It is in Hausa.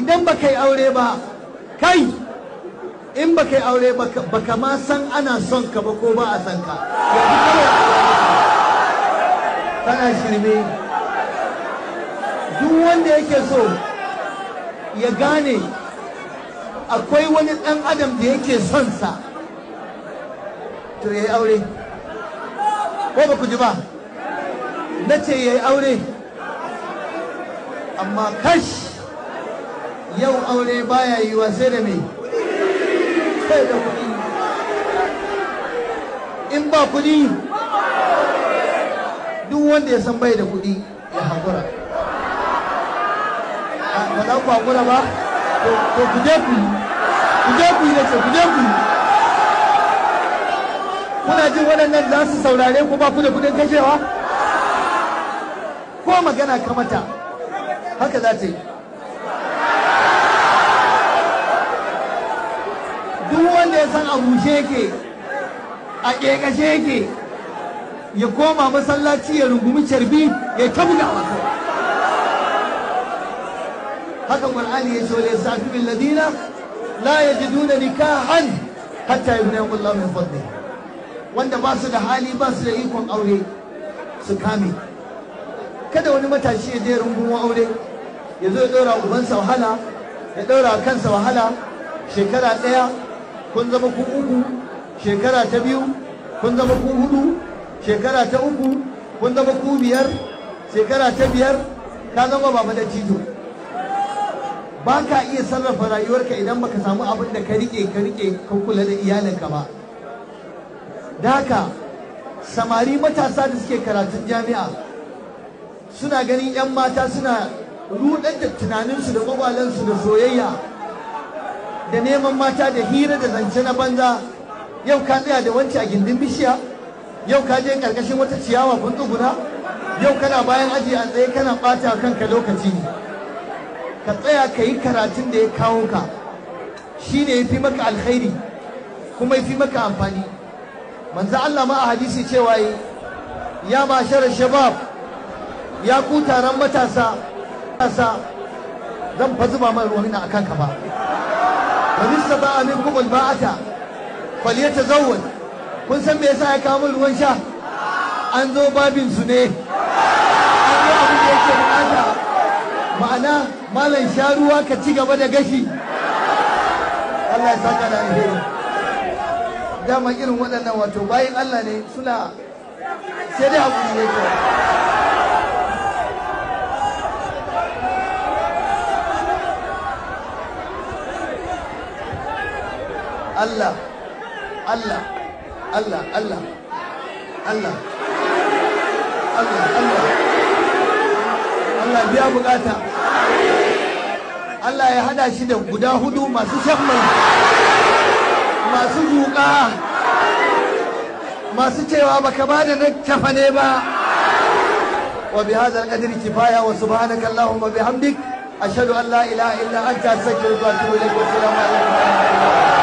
idan ba kai aure ba kai in ba kai aure ba ka ma san ana son ka ba ko ba a san ka tana shirme duk wanda yake so ya gane akwai wani ɗan adam da yake son sa to ya yi aure ko ba ku ji ba na ce ya yi aure amma kashi yau aure baya yi sai da mai sai da kuɗi in ba kuɗi duk wanda ya san bai da kuɗi ya haƙura ah, ba za ku haƙura ba to ku je ku ku je ku da ce ku je ku kuna jin waɗannan za su saurare ku ba ku da kudin kashewa ko magana kamata haka za ta yi san a rushe ke a ƙeƙashe ke ya koma masallaci ya rungumi carbi ya ta da wasu. haka qur'ani ya ce Safi bin ladina la ya ji duna nikahan hatta yughnihum Allah min fadli wanda ba su da hali ba su da ikon aure su kame kada wani matashi ya je rungumo aure ya zo ya dora ubansa wahala ya dora kansa wahala shekara ɗaya kun zama ku uku shekara ta biyu kun zama ku hudu shekara ta uku kun zama ku biyar shekara ta biyar ka zama baba da tito. ba ka iya sarrafa rayuwarka idan baka samu abin da ka rike ka rike ka kula da iyalinka ba da haka samari matasa da suke karatun jami'a suna ganin 'yan mata suna rudar da tunaninsu da kwakwalensu da soyayya da neman mata da hira da zance na banza yau ka tsaya da wancan a gindin bishiya yau ka je karkashin wata ciyawa kun tsuguna yau kana bayan aji a tsaye kana bata kanka lokaci ka tsaya ka yi karatun da ya kawo ka shi ne ya fi maka alkhairi kuma ya fi maka amfani manzo Allah ma a hadisi cewa ya mashara shabab ya ku taron matasa zan fa zuba mai ruwan a kanka ba ba man istata minkum ta falyatazawwaj kun san me yasa ya kama ruwan sha an zo babin ne an yi abin da yake bukata ma'ana malam sha ruwa ka ci gaba da gashi Allah ya saka da alheri dama irin waɗannan wato bayan Allah ne suna sai dai hakuri ne kawai Allah Allah Allah Allah Allah Allah Allah Allah biya bukata Allah ya hada shi da guda hudu masu shan mai masu zuƙa masu cewa baka ba da tafa ne ba wa bi hadha al-qadri kifaya wa subhanaka allahumma bihamdik ashhadu an la ilaha illa anta astaghfiruka wa atubu